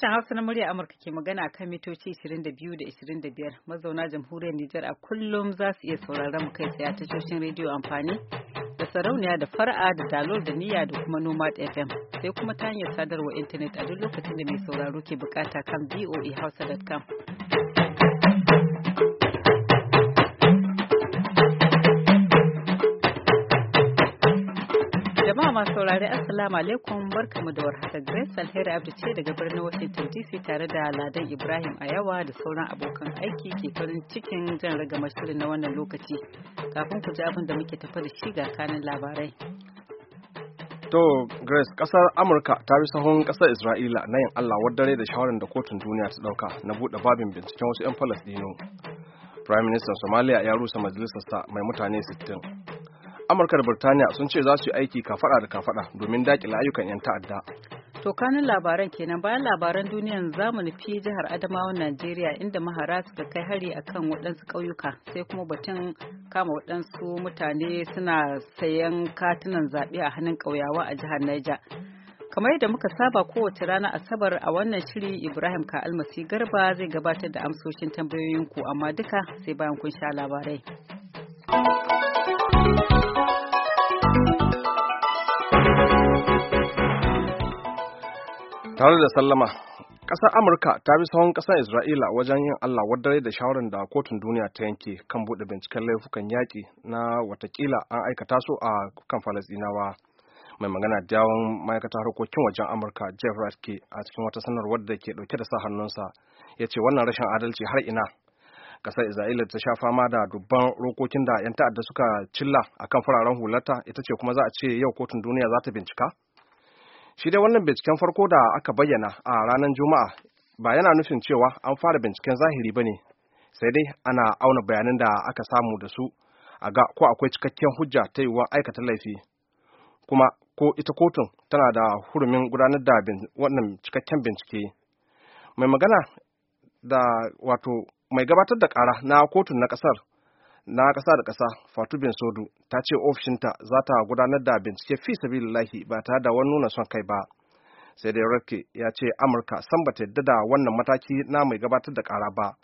Sashen Hausa na murya Amurka ke magana kan mitoci 22 da 25 mazauna jamhuriyar Nijar a kullum za su iya sauraron mu kai tsaye tashoshin rediyo amfani da sarauniya da fara'a da dalol da niyya da kuma nomad FM sai kuma ta hanyar sadarwa intanet a duk lokacin da mai sauraro ke bukata kan hausa.com masu saurare assalamu alaikum barkamu da warhaka Grace Alheri Abdi ce daga birnin Washington DC tare da Ladan Ibrahim a yawa da sauran abokan aiki ke farin cikin jan raga mashirin na wannan lokaci. Kafin ku ji abin da muke tafa da shi ga kanin labarai. To Grace kasar Amurka ta bi sahun kasar Isra'ila na yin Allah wadare da shawarar da kotun duniya ta dauka na bude babin binciken wasu 'yan Falastino. Prime Minister Somalia ya rusa majalisarsa mai mutane 60. amurka da birtaniya sun ce za su yi aiki kafada da kafada domin dakile ayyukan 'yan ta'adda to kanin labaran kenan bayan labaran duniyan zamu nufi jihar adamawa najeriya inda mahara suka kai hari akan waɗansu ƙauyuka sai kuma batun kama waɗansu mutane suna sayan katunan zaɓe a hannun ƙauyawa a jihar niger kamar yadda muka saba kowace rana asabar a wannan shiri ibrahim ka almasi garba zai gabatar da amsoshin tambayoyinku amma duka sai bayan kun sha labarai tare da sallama ƙasar amurka ta bi sahun ƙasar isra'ila wajen yin allah wadare da shawarar da kotun duniya ta yanke kan buɗe binciken laifukan yaƙi na watakila an aikata su a kan falasɗinawa mai magana jawon ma'aikatar harkokin wajen amurka jeff ratke a cikin wata sanarwar da ke ɗauke da sa hannunsa ya ce wannan rashin adalci har ina Ƙasar isra'ila ta sha fama da dubban rokokin da 'yan ta'adda suka cilla akan fararen hulata ita ce kuma za a ce yau kotun duniya za ta bincika shi dai wannan binciken farko da aka bayyana a ranar juma'a ba yana nufin cewa an fara binciken zahiri ba ne sai dai ana auna bayanan da aka samu da su a ga ko akwai cikakken hujja ta yiwuwar aikata laifi kuma ko ita kotun tana da hurumin gudanar da wannan cikakken bincike mai magana da wato mai gabatar da kara na kotun na ƙasar. na ƙasa da ƙasa fatu bin sodu ta ce ofishinta za ta gudanar da bincike fi sabilillahi ba tare da wani nuna son kai ba sai dai rake ya ce amurka san ba ta yadda da wannan mataki na mai gabatar da ƙara ba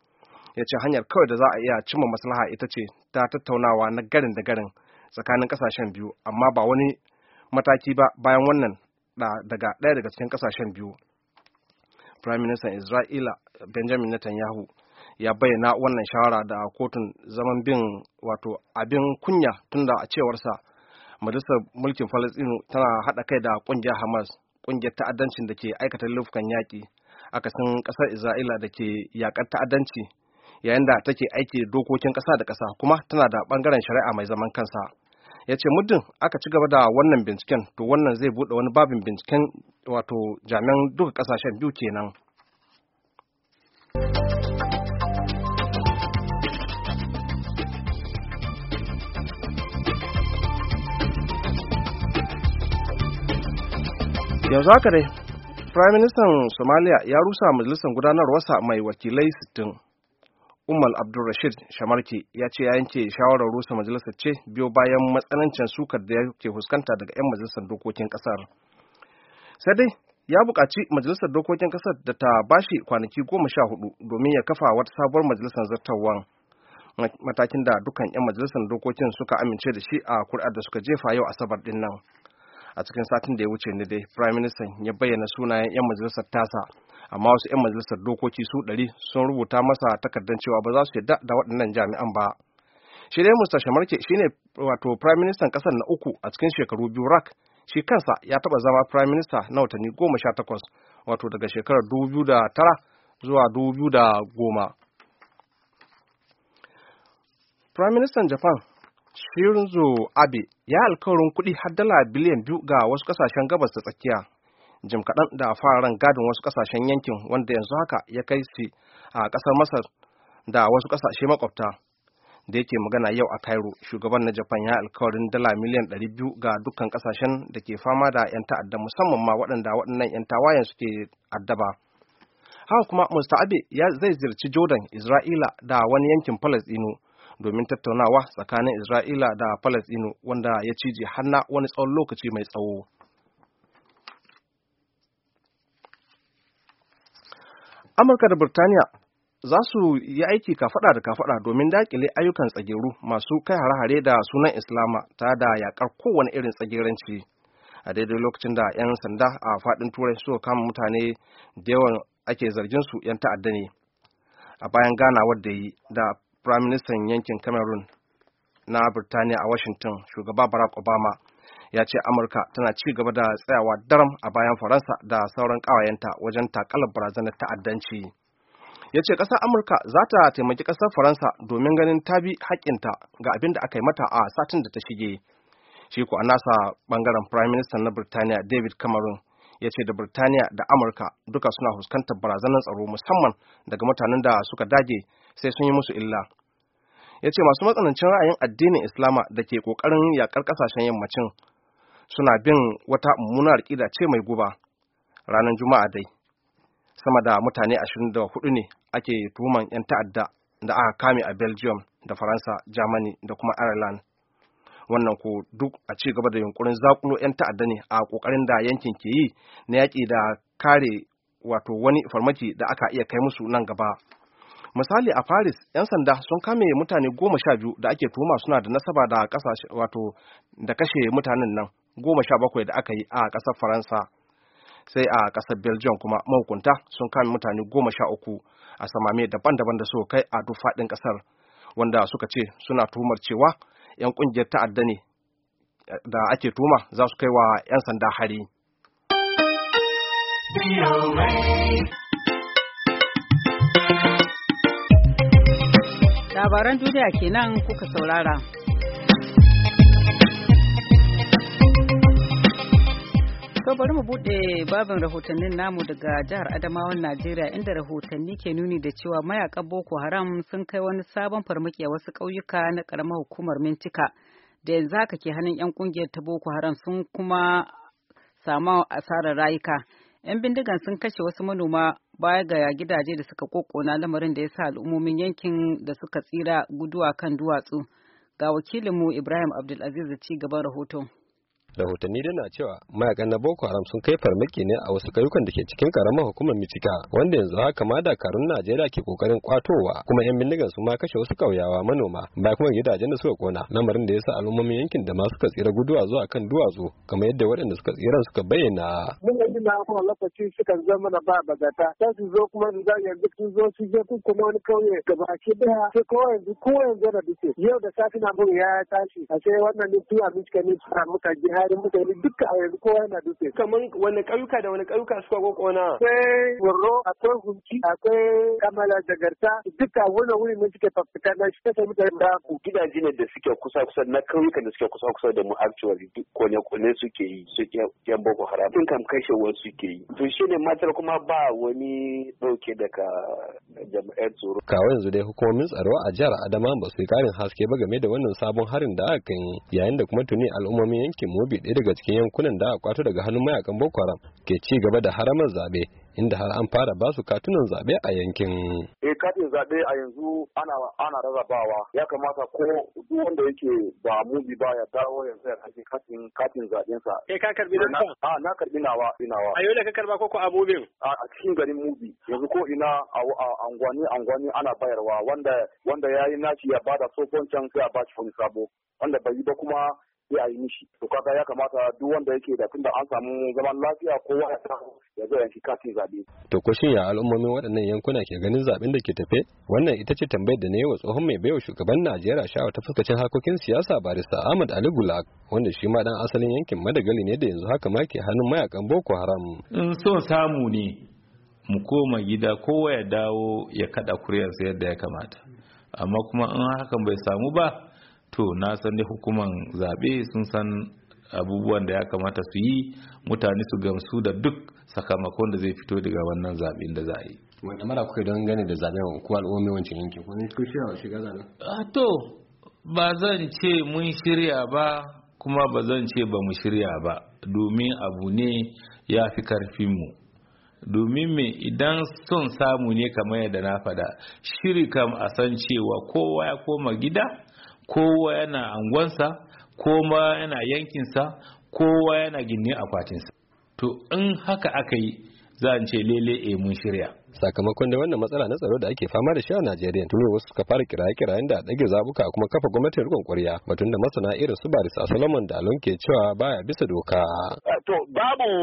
ya ce hanyar kawai da za a iya cimma maslaha ita ce ta tattaunawa na garin da garin tsakanin ƙasashen biyu amma ba wani mataki ba bayan wannan daga ɗaya daga cikin ƙasashen biyu Prime Minister Isra'ila Benjamin Netanyahu ya bayyana wannan shawara da kotun zaman bin wato abin kunya tunda a cewarsa majalisar mulkin falastinu tana haɗa kai da kungiyar hamas ƙungiyar ta'addancin da ke aikata laifukan yaƙi akasin ƙasar isra'ila da ke yaƙar ta'addanci yayin da take aiki dokokin ƙasa da ƙasa kuma tana da ɓangaren shari'a mai zaman kansa ya ce muddin aka ci gaba da wannan binciken to wannan zai buɗe wani babin binciken wato jami'an duka ƙasashen biyu kenan. yanzu haka dai prime minister somalia ya rusa majalisar gudanarwarsa mai wakilai 60 umar abdulrashid shamarki ya ce ya yanke shawarar rusa majalisar ce biyo bayan matsanancin sukar da ke fuskanta daga 'yan majalisar dokokin kasar sai dai ya buƙaci majalisar dokokin kasar da ta bashi kwanaki goma sha hudu domin ya kafa wata sabuwar majalisar zartawan matakin da dukkan 'yan majalisar dokokin suka amince da shi a kuri'ar da suka jefa yau asabar din nan a cikin satin da ya wuce ne dai prime minister ya bayyana sunayen 'yan majalisar tasa amma wasu 'yan majalisar dokoki su ɗari sun rubuta masa takardar cewa ba za su yadda da waɗannan jami'an ba shi dai mr shamarke ne wato prime minister ƙasar na uku a cikin shekaru biyu rak shi kansa ya taɓa zama prime minister na watanni goma sha takwas wato daga shekarar dubu biyu da tara zuwa dubu biyu da goma prime minister japan Shinzo Abe ya alkawarin kuɗi har dala biliyan biyu ga wasu ƙasashen gabas da tsakiya. Jim kaɗan da fararen gadin wasu ƙasashen yankin wanda yanzu haka ya kai su a ƙasar Masar da wasu ƙasashe makwabta. Da yake magana yau a Cairo, shugaban na Japan ya alkawarin dala miliyan ɗari biyu ga dukkan ƙasashen da ke fama da 'yan ta'adda musamman ma waɗanda waɗannan 'yan tawayen suke addaba. haka kuma Mr. Abe ya zai ziyarci Jordan, Isra'ila da wani yankin Falasɗinu domin tattaunawa tsakanin isra'ila da Falasɗinu wanda ya cije hanna wani tsawon lokaci mai tsawo amurka da burtaniya za su yi aiki kafada da kafada domin dakile ayyukan tsageru masu kai hare-hare da sunan islama ta da yakar kowane irin tsageranci a daidai lokacin da 'yan sanda a faɗin turai suka kama mutane da yawan ake zargin su 'yan ta'adda ne a bayan ganawar da yi da firaministan yankin cameroon na birtaniya a washington shugaba barack obama ya ce amurka tana ci gaba da tsayawa daram a bayan faransa da sauran kawayenta wajen takalar barazanar ta'addanci ya ce ƙasar amurka za ta taimaki ƙasar faransa domin ganin ta bi haƙƙinta ga abin da aka yi mata a satin da ta shige shi ku a nasa ɓangaren prime minister na birtaniya david cameron ya ce da birtaniya da amurka duka suna fuskantar barazanar tsaro musamman daga mutanen da suka dage sai sun yi musu illa ya ce masu matsanancin ra'ayin addinin islama da ke ƙoƙarin yaƙar ƙasashen yammacin suna bin wata mummunar ƙida ce mai guba ranar juma'a dai sama da mutane ashirin da hudu ne ake tuhuman 'yan ta'adda da aka kame a belgium da faransa germany da kuma ireland wannan ko duk a ci gaba da yunkurin zakulo 'yan ta'adda ne a ƙoƙarin da yankin ke yi na yaƙi da kare wato wani farmaki da aka iya kai musu nan gaba misali a paris 'yan sanda sun kame mutane goma sha biyu da ake tuhuma suna da nasaba da kasashe wato da kashe mutanen nan goma sha bakwai da aka yi a kasar faransa sai a ƙasar belgium kuma mahukunta sun kame mutane goma sha uku a samame daban-daban da suka kai a duk faɗin ƙasar wanda suka ce suna tuhumar cewa 'yan ƙungiyar ta'adda ne eh, da ake tuhuma za su kai wa 'yan sanda hari. Be Labaran duniya kenan kuka saurara. To bari mu bude babin rahotannin namu daga jihar Adamawan Najeriya inda rahotanni ke nuni da cewa mayakan Boko Haram sun kai wani sabon farmaki a wasu ƙauyuka na ƙaramar hukumar Mintika da yanzu haka ke hannun 'yan ƙungiyar ta Boko Haram sun kuma samu asarar rayuka. 'Yan bindigan sun kashe wasu manoma baya ga gidaje da suka kokona lamarin da ya sa al'ummomin yankin da suka tsira guduwa kan duwatsu ga wakilinmu ibrahim abdulaziz da ci gaban rahoton rahotanni dana cewa mayakan na boko haram sun kai farmaki ne a wasu kayukan da ke cikin karamar hukumar mitika wanda yanzu haka ma dakarun najeriya ke kokarin kwatowa kuma yan bindigan su ma kashe wasu kauyawa manoma ba kuma gidajen da suka kona lamarin da ya sa al'ummomin yankin da ma suka tsira guduwa zuwa kan duwatsu kamar yadda waɗanda suka tsira suka bayyana na kuma lokaci suka zama mana ba bagata Ta su zo kuma su zai yanzu sun zo su je kun kuma wani kauye gabaki daya sai ko yanzu ko yanzu da duke yau da safi na mun ya tashi a sai wannan ne tuwa micika ne muka harin mutane duka a yanzu kowa yana dutse. Kaman wani ƙauyuka da wani ƙauyuka suka ko kona Akwai Wurro, akwai Hunki, akwai Kamala da Garta, duka wannan wurin ne suke fafita na shi kasa mutane da ku. Gidaje ne da suke kusa kusa na ƙauyuka da suke kusa kusa da mu actually duk kone kone suke yi su yan Boko Haram. Sun kam kashe wasu suke yi. To shi ne matar kuma ba wani ɗauke daga jama'ar tsoro. Kawo yanzu dai hukumomin tsaro a jihar Adama ba su yi ƙarin haske ba game da wannan sabon harin da aka yi yayin da kuma tuni al'ummomin yankin Mobi Kebbi ɗaya daga cikin yankunan da aka kwato daga hannun mayakan Boko Haram ke ci gaba da haramar zabe inda har an fara basu katunan zaɓe a yankin. Eh katin zaɓe a yanzu ana ana rarrabawa ya kamata ko duk wanda yake ba mubi ba ya dawo yanzu ya kashe katin katin zaɓen sa. Eh ka karbi na ka? Ah na karbi nawa inawa. A yau da ka karba ko ko abubin? A cikin garin mubi yanzu ko ina a angwani angwani ana bayarwa wanda wanda yayi naci ya bada sofon can sai a bashi wani sabo wanda bai yi ba kuma sai a yi mishi to kaga ya kamata duk wanda yake da tunda an samu zaman lafiya kowa ya samu ya zo yanki katin zabe to ko shin ya al'ummomin waɗannan yankuna ke ganin zaben da ke tafe wannan ita ce tambayar da na yi wa tsohon mai baiwa shugaban Najeriya sha'awar ta fuskacin harkokin siyasa barista Ahmad Ali Gulak wanda shi ma dan asalin yankin Madagali ne da yanzu haka ma ke hannun mayakan Boko Haram in so samu ne mu koma gida kowa ya dawo ya kada sayar yadda ya kamata amma kuma in hakan bai samu ba to na san hukuman zaɓe sun san abubuwan da ya kamata su yi mutane su gamsu da duk sakamakon da zai fito daga wannan zaɓen da za a yi. Wanda mara kuka don gane da zaɓen ko al'ummi wancan yanki ko ne shiga zaɓen? A to ba zan ce mun shirya ba kuma ba zan ce ba mu shirya ba domin abu ne ya fi mu domin me idan son samu ne kamar yadda na faɗa shiri kam a san cewa kowa ya koma gida kowa yana angonsa kowa yana yankinsa kowa yana gindin akwatinsa to in haka aka yi za a ce lele e eh, mun shirya sakamakon da wannan matsala na tsaro da ake fama da shi a Najeriya tuni wasu suka fara kiraye-kirayen da dage zabuka kuma kafa gwamnatin rikon ƙwarya batun da masana irin su Barisa Solomon da Alon ke cewa baya bisa doka To babu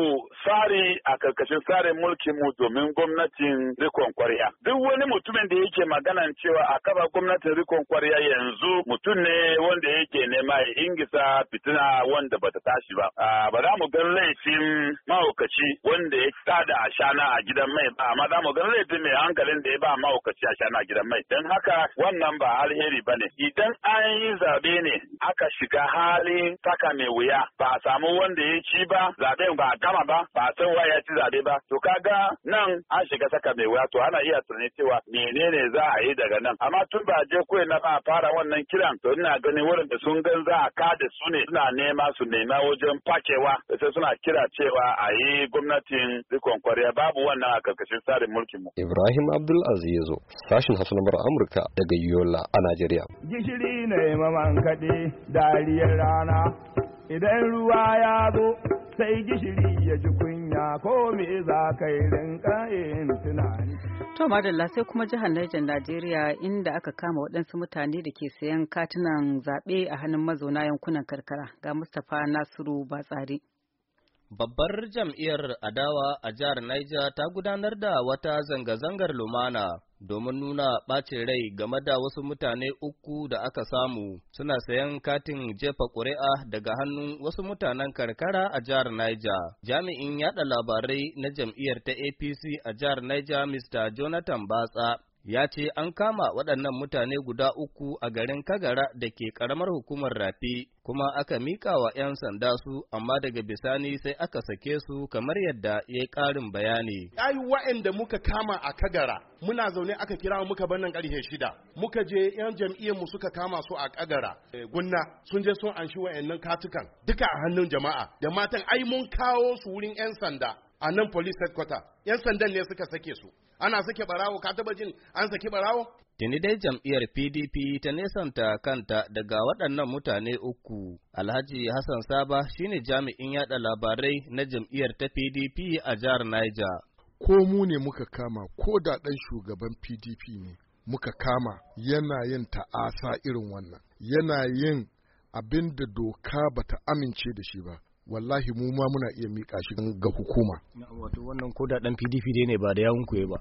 tsari a karkashin tsarin mulkin mu domin gwamnatin rikon kwarya. Duk wani mutumin da yake maganan cewa a kafa gwamnatin rikon kwarya yanzu mutum ne wanda yake nema ya ingisa fitina wanda bata tashi ba. Ba za mu gan laifin mahaukaci wanda ya tsada a shana a gidan mai ba amma za mu gan laifin mai hankalin da ya ba mahaukaci a shana a gidan mai. Don haka wannan ba alheri ba ne. Idan an yi zabe ne aka shiga halin taka mai wuya ba a samu wanda ya ci ba Zaɓen ba a gama ba ba a san waya ci zaɓe ba to ka ga nan an shiga saka mai wato, to ana iya tunani cewa menene za a yi daga nan amma tun ba je koyi na ba fara wannan kiran to ina ganin wurin da sun gan za a kada su ne suna nema su nema wajen fakewa sai suna kira cewa a yi gwamnatin rikon kwarya babu wannan a karkashin tsarin mulkin mu Ibrahim Abdul Aziz sashin hasu na Amurka daga Yola a Najeriya Gishiri ne maman kaɗe dariyar rana idan ruwa ya zo sai gishiri ya ji kunya ko me za ka yi rinka yin tunani. To madalla sai kuma jihar Niger Najeriya inda aka kama waɗansu mutane da ke sayan katunan zaɓe a hannun mazauna yankunan karkara ga Mustapha Nasiru Batsari. Babbar jam'iyyar adawa a jihar Niger ta gudanar da wata zanga-zangar lumana domin nuna ɓacin rai game da wasu mutane uku da aka samu suna sayan katin jefa ƙuri'a daga hannun wasu mutanen karkara a jihar Niger. Jami'in yaɗa labarai na jam'iyyar ta APC a jihar Niger Mr. Jonathan Batsa ya ce an kama waɗannan mutane guda uku a garin Kagara da ke ƙaramar hukumar Rafi, kuma aka mika wa ‘yan sanda su, amma daga bisani sai aka sake su kamar yadda ya yi ƙarin bayani. Ai, wa'anda muka kama a Kagara, muna zaune aka kira muka bannan ƙarfe shida, muka je ‘yan jam'iyyar mu suka kama su a Kagara, e, gunna, sun je sun anshi wa'annan katukan, duka a hannun jama'a, da matan ai mun kawo su wurin ‘yan sanda. a nan police headquarter yan sandan ne suka sake su ana sake barawo ka taba jin an saki barawo tuni dai jam'iyyar PDP ta nesanta kanta daga waɗannan mutane uku Alhaji Hassan Saba shine jami'in yada labarai na jam'iyyar ta PDP a jihar Niger ko mu ne muka kama ko da ɗan shugaban PDP ne muka kama yana yin ta'asa irin wannan yana yin abin da doka bata amince da shi ba wallahi mu ma muna iya mika shi ga hukuma wato wannan ko da dan PDP ne ba da yawun ku ba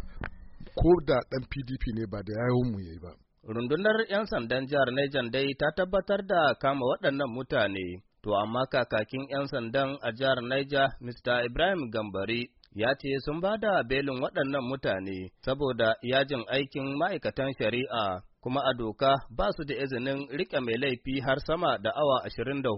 ko da dan PDP ne ba da yawun mu yayi ba rundunar yan sandan jihar Niger dai ta tabbatar da kama waɗannan mutane to amma kakakin yan sandan a jihar Niger Mr Ibrahim Gambari ya ce sun ba da belin waɗannan mutane saboda yajin aikin ma'aikatan shari'a kuma a doka ba su da izinin rike mai laifi har sama da awa ashirin da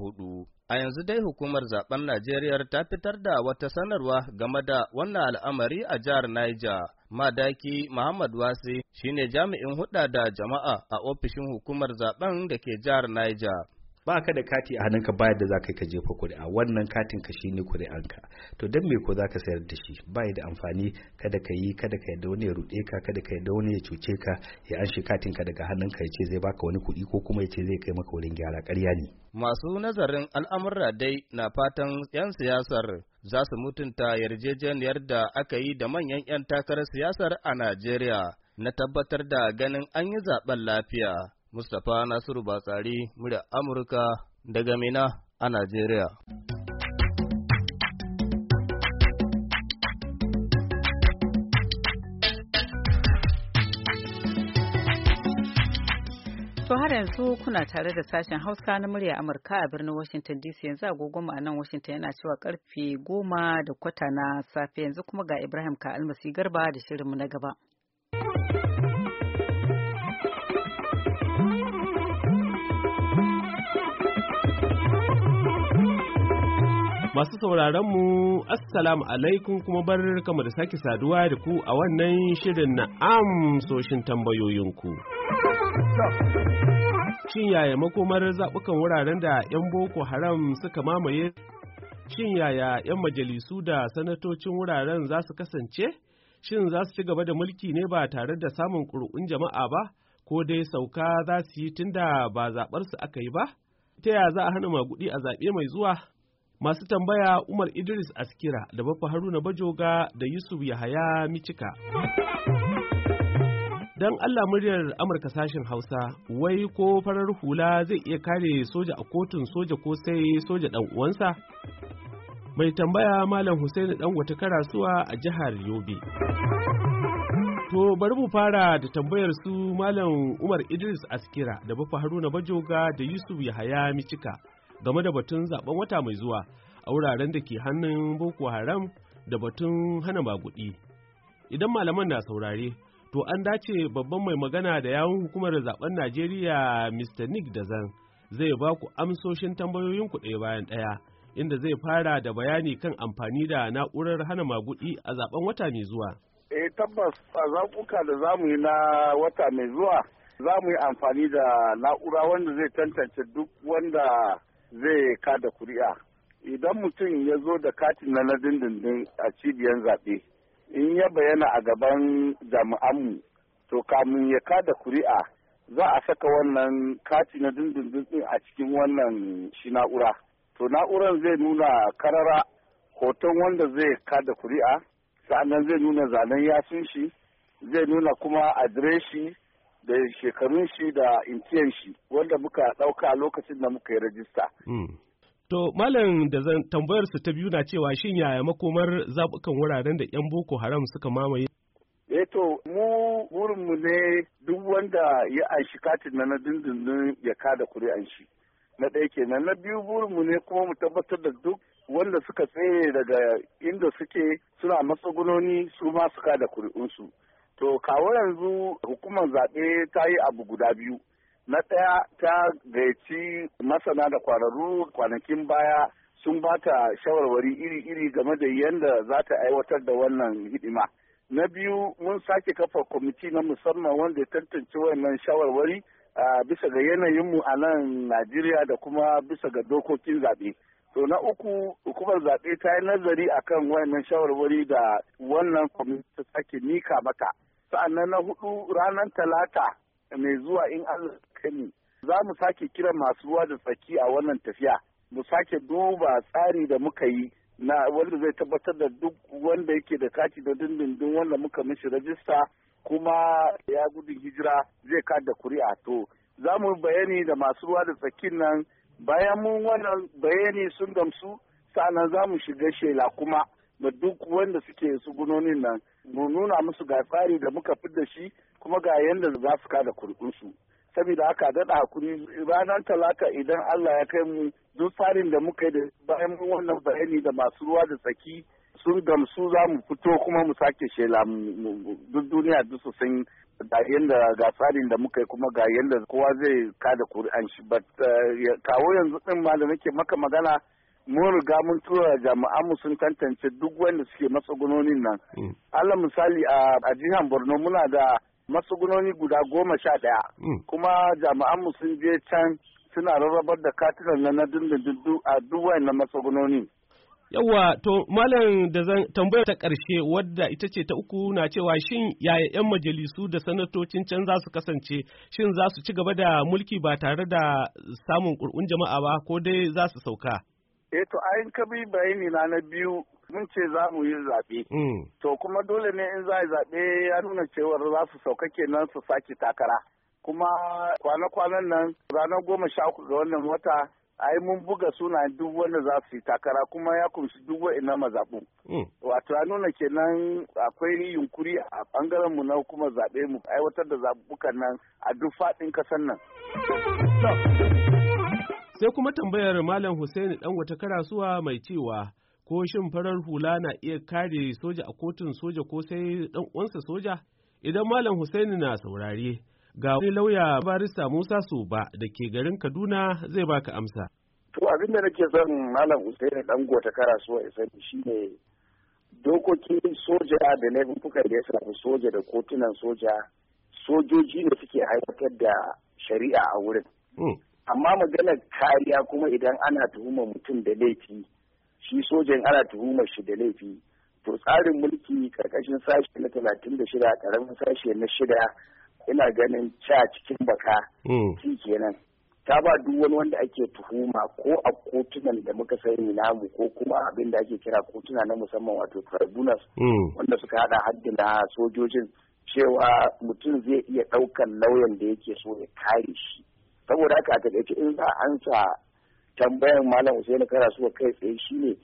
A yanzu dai hukumar zaben Najeriya ta fitar da wata sanarwa game da wannan al'amari a jihar Niger. Madaki Muhammad Wasi shine jami'in hudda da jama'a a ofishin hukumar zaben da ke jihar Niger. ba ka da kati a hannunka bayar da za ka yi ka jefa kuri'a wannan katin ka shi ne kuri'anka to don me ko za ka sayar da shi ba da amfani kada ka yi kada ka yadda wani ya ruɗe ka kada ka yadda wani ya cuce ka ya an shi katin ka daga hannunka ya ce zai baka wani kuɗi ko kuma ya ce zai kai maka wurin gyara karya ne. masu nazarin al'amura dai na fatan 'yan siyasar za su mutunta yarjejeniyar da aka yi da manyan 'yan takarar siyasar a najeriya na tabbatar da ganin an yi zaben lafiya. Mustapha Nasiru Batsari, murya Amurka daga Mina a Najeriya. To har yanzu kuna tare da sashen Hausa na murya Amurka a birnin Washington DC yanzu agogonmu a nan Washington yana cewa karfe goma da kwata na safe yanzu kuma ga Ibrahim ka almasi garba da shirinmu na gaba. Masu sauraron mu Assalamu alaikum kuma bar kama da sake saduwa da ku a wannan shirin na amsoshin tambayoyinku. Shin yaya makomar zaɓukan wuraren da 'yan Boko Haram suka mamaye? Shin yaya 'yan majalisu da sanatocin wuraren za su kasance? Shin za su ci gaba da mulki ne ba tare da samun ƙuri'un jama'a ba? Ko dai sauka za su yi tunda ba zaɓarsu aka yi ba? Ta yaya za a hana maguɗi a zaɓe mai zuwa? Masu tambaya Umar Idris Askira da Baffa Haruna Bajoga da Yusuf Yahaya Micika. dan Allah muryar Amurka sashen Hausa, wai ko farar hula zai iya kare soja a kotun soja ko sai soja ɗan uwansa? Mai tambaya Malam ɗan wata Karasuwa a jihar Yobe. To bari mu fara da tambayar su Malam Umar Idris Askira da Bafa Haruna Bajoga da Yusuf Yahaya Micika game da batun zaben wata mai zuwa a wuraren da ke hannun boko haram da batun hana maguɗi idan malaman na saurare to an dace babban mai magana da yawun hukumar zaben najeriya mr nick dazan zai ba ku amsoshin tambayoyin ku ɗaya bayan ɗaya inda zai fara da bayani kan amfani da na'urar hana magudi a zaben wata mai zuwa eh tabbas a zaɓuka da za mu yi na wata mai zuwa za mu yi amfani da na'ura wanda zai tantance duk wanda zai kada kuri'a idan mutum ya zo da katin na na dindindin a cibiyar zaɓe in ya bayyana a gaban jami'anmu to kamun ya kada kuri'a za a saka wannan kati na dindindin din a cikin wannan shi na'ura to na'uran zai nuna karara hoton wanda zai kada kuri'a sa'annan zai nuna zanen yasun shi zai nuna kuma adireshi da shekarun shi da intiyan shi wanda muka ɗauka lokacin da muka yi rajista. Hmm. To malam da zan tambayar su ta biyu na cewa shin yaya makomar zabukan wuraren da 'yan Boko Haram suka mamaye? Eh to mu burinmu ne duk wanda ya aishi katin na dindindin ya kada kuri'an shi. Na ɗaya kenan na biyu burinmu ne kuma mu tabbatar da duk wanda suka tsaye daga inda suke suna matsugunoni su ma su da kuri'unsu. To kawo yanzu hukumar zaɓe ta yi abu guda biyu. Na ɗaya ta gayyaci masana da kwararru kwanakin baya sun ba ta shawarwari iri-iri game da yadda za ta aiwatar da wannan hidima. Na biyu mun sake kafa kwamiti na musamman wanda ya tantance wannan shawarwari bisa ga yanayinmu a nan Najeriya da kuma bisa ga dokokin zaɓe. To na uku hukumar zaɓe ta yi nazari akan wannan shawarwari da wannan kwamiti ta sake mika mata. sa'annan na hudu ranar talata mai zuwa in allah kani za mu sake kira masu ruwa da tsaki a wannan tafiya mu sake duba tsari da muka yi na wanda zai tabbatar da duk wanda yake da kati da dindindin wanda muka mishi rajista kuma ya gudun hijira zai kada kuri'a to za mu bayani da masu ruwa da tsakin nan bayan mun wannan bayani sun gamsu sa'anan za mu shiga shela kuma da duk wanda suke su gunonin nan mu nuna musu ga tsari da muka fi da shi kuma ga yadda za su kada kurkunsu saboda haka daɗa hakuri ranar talata idan Allah ya kai mu duk tsarin da muka yi da bayan wannan bayani da masu ruwa da tsaki sun gamsu za mu fito kuma mu sake shela duk duniya duk su san ga yadda ga tsarin da muka yi kuma ga yadda kowa zai kada kuri'an shi eh, kawo yanzu ɗin ma da nake maka magana mun riga mun tura jami'an mu sun tantance duk wanda suke matsugunonin nan. Mm. Allah misali a jihar Borno muna da matsugunoni guda goma sha ɗaya. Mm. Kuma jami'an mu sun je can suna rarrabar da katunan na na dindindin a duk wayannan matsugunoni. Yawwa, to malam da zan tambaya ta ƙarshe wadda ita ce ta uku na cewa shin yaya 'yan majalisu da sanatocin can za su kasance shin za su ci gaba da mulki ba tare da samun ƙur'un jama'a ba ko dai za su sauka? eh to ayin ka bi bayani na na biyu mun ce za mu yi zaɓe. Hmm. To kuma dole ne in za a zaɓe ya nuna cewar za su sauka kenan su sake takara. Kuma kwana-kwanan nan ranar goma sha uku ga wannan wata ai mun buga suna duk wanda za su yi takara kuma ya kunshi duk wa'ina mazaɓu. Hmm. Wato ya nuna kenan akwai yunkuri a ɓangaren mu na kuma zaɓe mu aiwatar da zaɓuɓɓukan nan a duk faɗin ƙasar nan. Sai kuma tambayar Malam Hussaini ɗan wata karasuwa mai cewa ko shin farar hula na iya kare soja a kotun soja ko sai ɗan uwansa soja? Idan Malam Hussaini na saurare, ga wani lauya barista Musa Soba da ke garin Kaduna zai baka amsa. To abin da nake son Malam Hussein dan gota karasuwa ya sani shine dokokin soja da laifukan da ya shafi soja da kotunan soja sojoji ne suke aiwatar da shari'a a wurin. Hmm. amma maganar kariya kuma idan ana tuhumar mutum da laifi shi sojan ana tuhumar shi da laifi to tsarin mulki karkashin sashe na talatin da shida karamin sashe na shida ina ganin ca cikin baka hmm. shi kenan ta ba duk wani wanda ake tuhuma ko a kotunan da muka sani namu ko kuma abin da ake kira kotuna na musamman wato tribunals hmm. wanda suka hada haddi na sojojin cewa mutum zai iya daukan lauyan da yake so ya kare shi saboda haka a takaice in za an sa tambayan malam Kara suka kai tsaye shine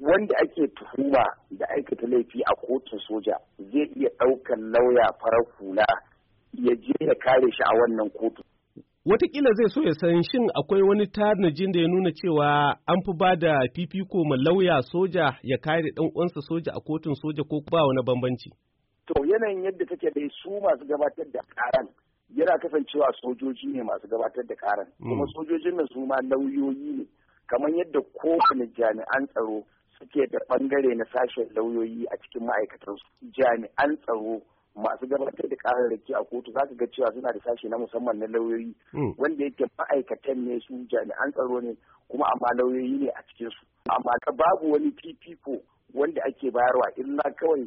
wanda ake tuhuma da aikata laifi a kotun soja zai iya ɗaukan lauya farar hula ya je ya kare shi a wannan kotu. Wataƙila zai so ya san shin akwai wani tanajin da ya nuna cewa an fi ba da fifiko ma lauya soja ya kare ɗan uwansa soja a kotun soja ko ba wani bambanci. To yanayin yadda take dai su masu gabatar da ƙaran yana kasancewa sojoji ne masu gabatar da karan mm. kuma sojojin nan su ma lauyoyi ne kamar yadda kowane jami'an tsaro suke da bangare na sashen lauyoyi a cikin ma'aikatan jami'an tsaro masu gabatar da kararraki a kotu za ka ga cewa suna da sashe na musamman na lauyoyi mm. wanda yake ma'aikatan ne su jami'an tsaro ne kuma amma lauyoyi ne a cikin su amma ka babu wani fifiko wanda ake bayarwa illa kawai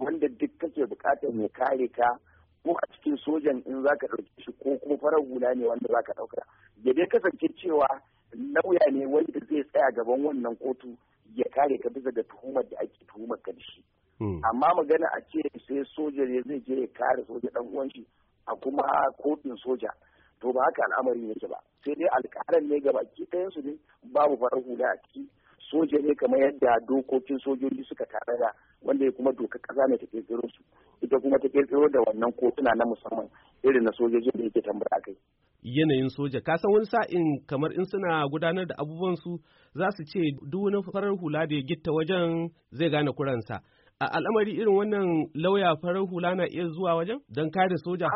wanda duk kake bukatar ya kare ka ko a cikin sojan in zaka ɗauke shi ko kuma farar hula ne wanda zaka ɗauka ya dai kasance cewa lauya ne wanda zai tsaya gaban wannan kotu ya kare ka bisa ga tuhumar da ake tuhumar ka shi hmm. amma magana a ce sai soja ne zai je ya kare soja dan uwan shi a kuma kotun soja to ba haka al'amarin yake ba sai dai alƙalan ne gaba ki ɗayan su ne babu farar hula a ciki soja ne kamar yadda dokokin sojoji suka da wanda ya kuma doka kasa ne ta kirkiro su ita kuma ta kirkiro da wannan kotuna na musamman irin na sojojin da yake tambaya kai yanayin soja ka san wani sa'in kamar in suna gudanar da abubuwan su za su ce duk wani farar hula da ya gitta wajen zai gane kuransa a al'amari irin wannan lauya farar hula na iya zuwa wajen don kare soja?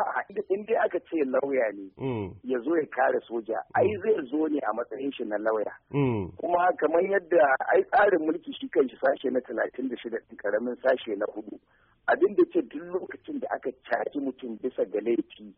in dai aka ce lauya ne mm. ya zo ya kare soja mm. ai zai zo ne a matsayin shi na lauya mm. kuma kamar yadda ai tsarin mulki shi kan shi sashe na talatin da shida karamin sashe na hudu abin da duk lokacin da aka caji mutum bisa ga laifi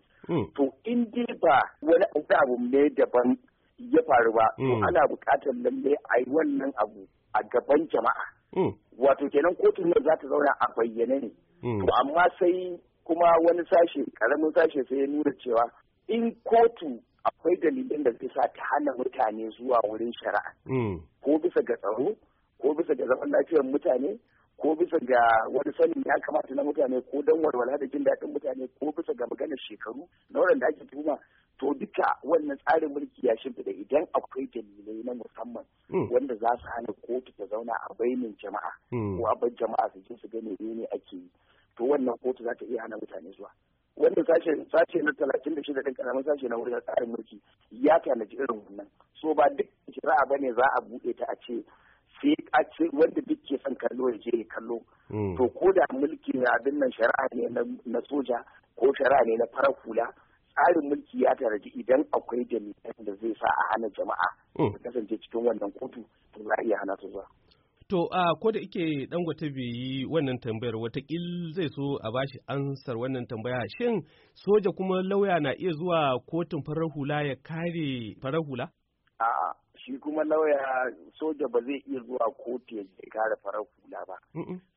to in dai ba wani abu ne daban ya faru ba to ana buƙatar lalle a yi wannan abu a gaban jama'a Hmm. wato kenan kotun nan za ta zauna a bayyane ne hmm. to amma sai kuma wani sashe karamin sashe sai ya nuna cewa in kotu akwai dalilin da sa ta hana mutane zuwa wurin shari'a hmm. ko bisa ga tsaro ko bisa ga zaman lafiyar mutane ko bisa ga wani sanin ya kamata na mutane ko dan walwala da jin daɗin mutane ko bisa ga maganar shekaru na waɗanda ake tuma to duka wannan tsarin mulki ya shimfiɗa idan akwai dalilai na musamman hmm. wanda za su hana kotu ta zauna a bainin jama'a hmm. ko a bar jama'a su je su gane ne ake yi to wannan kotu za ta iya hana mutane zuwa wannan sashe sashe na talatin da shida ɗin ƙaramin sashe na wurin tsarin mulki ya tanaji irin wannan so ba duk shari'a ba ne za a buɗe ta a ce kace wanda duk ke son kallo ya je ya kallo hmm. to ko da mulki na abin nan shari'a ne na soja ko shari'a ne na farar hula tsarin mulki ya taraji idan akwai jami'an da zai sa a hana jama'a da hmm. kasance cikin wannan kotu to za a iya hana su zuwa. To a ko da ike dangote bai yi wannan tambayar watakil zai so a bashi ansar wannan tambaya shin soja kuma lauya na iya zuwa kotun farar hula ya kare farar hula? A'a shi kuma lauya soja ba zai iya zuwa kotu ya kare farar hula ba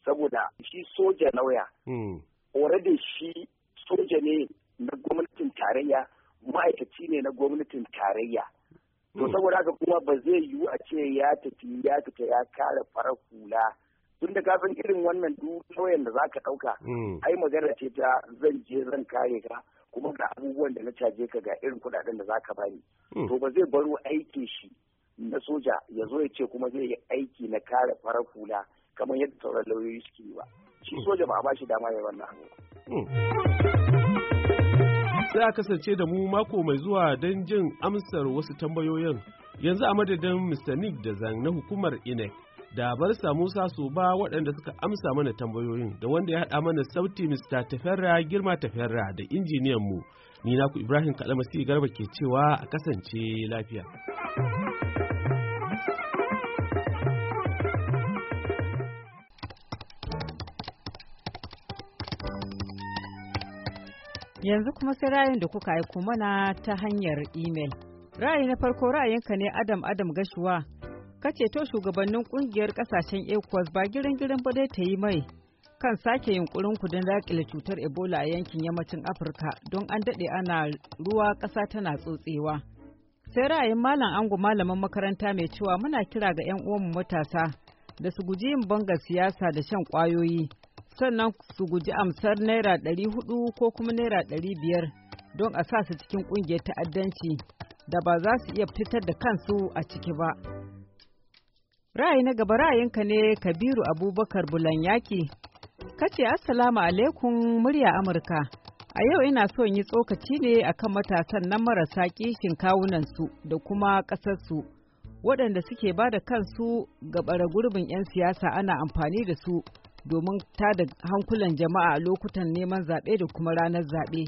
saboda shi soja lauya mm. da shi soja ne na gwamnatin tarayya ma'aikaci ne na gwamnatin tarayya to mm. saboda haka kuma ba zai yiwu a ce ya tafi ya fita ya kare farar hula tun da kafin irin wannan lauyan da zaka dauka mm. ai magana ce ta zan je zan kare ka kuma ga abubuwan da na caje ka ga irin kudaden da zaka bani to ba zai baro aiki shi na soja ya zo ya ce kuma zai yi aiki na kare farar hula kamar yadda sauran lauyoyi suke ba shi hmm. soja ba a ba dama ya wannan hmm. sai a kasance da mu mako mai zuwa don jin amsar wasu tambayoyin yanzu a madadin mr nick da zang na hukumar inec da bar samu su ba waɗanda suka amsa mana tambayoyin da wanda ya haɗa mana sauti mr tafera girma tafera da injiniyan mu ni naku ibrahim kalamasi garba ke cewa a kasance lafiya Yanzu kuma sai ra'ayin da kuka aiko mana ta hanyar imel. Ra'ayi na farko ra'ayinka ne Adam Adam Gashuwa. Ka ceto shugabannin kungiyar kasashen ecos ba girin girin ba dai ta yi mai kan sake yunkurin kudin dakile cutar Ebola a yankin yammacin Afirka don an daɗe ana ruwa ƙasa tana tsotsewa. Sai ra'ayin malam ango malamin makaranta mai cewa muna kira ga 'yan uwanmu matasa da su guji yin banga siyasa da shan kwayoyi. sannan su guji amsar naira 400 ko kuma naira biyar don a sa su cikin ƙungiyar ta'addanci da ba za su iya fitar da kansu a ciki ba. Ra'ayi na gaba ra'ayinka ne Kabiru Abubakar bulan Bulanyaki. Kace Assalamu alaikum murya Amurka. A yau ina so yi tsokaci ne akan matasan nan marasa kishin su da kuma ƙasar su waɗanda suke ba da kansu ga ɓara gurbin 'yan siyasa ana amfani da su domin tada hankulan jama'a a lokutan neman zaɓe da kuma ranar zaɓe.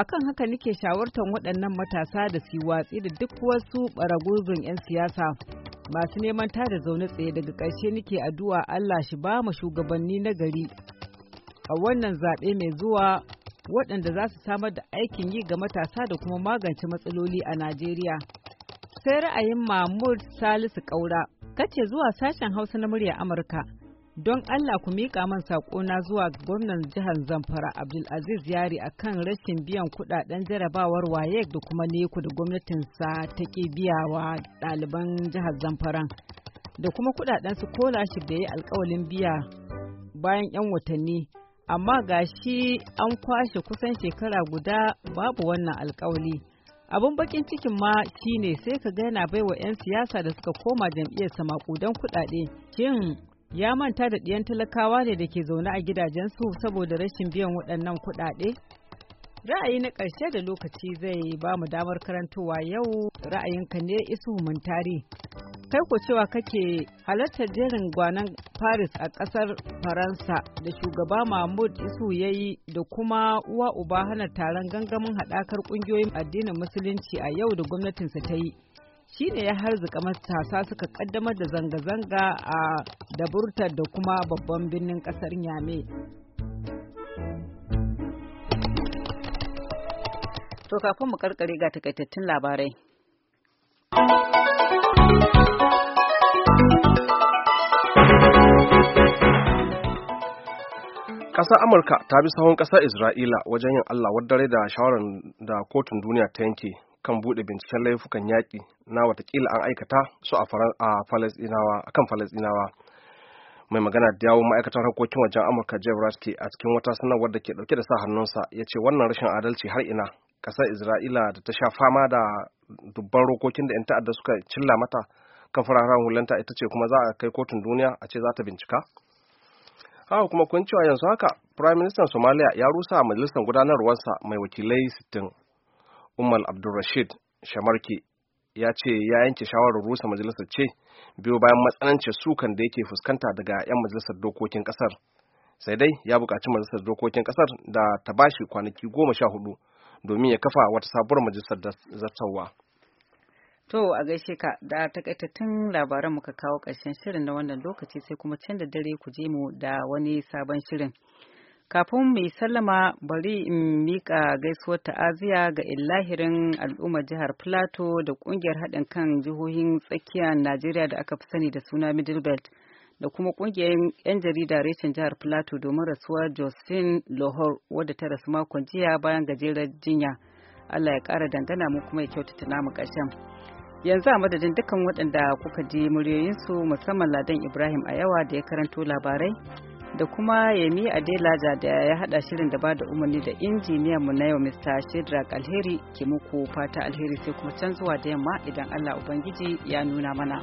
akan haka nike shawartar waɗannan matasa da su watsi da duk wasu ɓaragurzun 'yan siyasa masu neman tada zaune tsaye daga ƙarshe nike addu'a Allah shi ba mu shugabanni na gari a wannan zaɓe mai zuwa waɗanda za su samar da aikin yi ga matasa da kuma magance matsaloli a Najeriya. Sai ra'ayin Mahmud Salisu Kaura, kace zuwa sashen Hausa na murya Amurka. don Allah ku miƙa man na zuwa gwamnan jihar Zamfara Abdulaziz Yari a kan rashin biyan kuɗaɗen jarabawar waye da kuma neku da gwamnatinsa ta ƙi biyawa ɗaliban jihar Zamfara da kuma kuɗaɗen scholarship da ya yi alƙawalin biya bayan 'yan watanni amma ga shi an kwashe kusan shekara guda babu wannan alƙawali. abun bakin cikin ma shine sai ka gana baiwa 'yan siyasa da suka koma jam'iyyar makudan kuɗaɗe shin ya manta da ɗiyan talakawa ne da ke zaune a gidajensu saboda rashin biyan waɗannan kuɗaɗe? Ra'ayi na ƙarshe da lokaci zai ba mu damar karantowa yau ra'ayinka ne isu muntari. Kai ko cewa kake halartar jerin gwanan Paris a ƙasar Faransa da shugaba Mahmud Isu ya yi da kuma uwa uba hana taron gangamin haɗakar ƙungiyoyin addinin Musulunci a yau da gwamnatinsa ta yi. shine ya harzuka matasa suka kaddamar da zanga-zanga a daburtar da kuma babban birnin kasar Yame. To kafin mu karkare ga takaitattun labarai. Ƙasar Amurka ta bi sahun ƙasar Isra'ila wajen yin Allah wadare da shawarar da kotun duniya ta yanke kan buɗe binciken laifukan yaƙi na watakila an aikata su a kan falasɗinawa mai magana da yawon ma'aikatar harkokin wajen amurka jeff ratke a cikin wata sanarwar da ke ɗauke da sa hannunsa ya ce wannan rashin adalci har ina ƙasar isra'ila da ta sha fama da dubban rokokin da 'yan ta'adda suka cilla mata kan fararen hulanta ita ce kuma za a kai kotun duniya a ce za ta bincika haka kuma kun cewa yanzu haka prime minister somalia ya rusa majalisar gudanarwarsa mai wakilai 60 umar abdulrashid shamarki ya ce ya yanke shawarar rusa majalisar ce biyu bayan matsanancin sukan da yake fuskanta daga 'yan majalisar dokokin kasar sai dai ya buƙaci majalisar dokokin kasar da ta bashi kwanaki goma sha hudu domin ya kafa wata sabuwar majalisar da zartarwa. To a gaishe ka da takaitattun labaran muka kawo ƙarshen shirin na wannan lokaci sai kuma can da dare ku je mu da wani sabon shirin. kafin mu sallama bari in mika gaisuwar ta'aziya ga illahirin al'ummar jihar plateau da kungiyar haɗin kan jihohin tsakiyar najeriya da aka fi sani da suna middle belt da kuma kungiyar 'yan jarida reshen jihar plateau domin rasuwar josephine lohor wadda ta rasu makon jiya bayan gajeren jinya allah ya kara dangana mu kuma ya kyautata namu ƙarshen yanzu a madadin dukkan waɗanda kuka ji muryoyinsu musamman ladan ibrahim a yawa da ya karanto labarai da kuma yami Adelaja da ya hada shirin da ba da umarni da injiniyan mu na yau Mr. Shedrack Alheri ke muku fata alheri sai kuma can zuwa da yamma idan Allah Ubangiji ya nuna mana.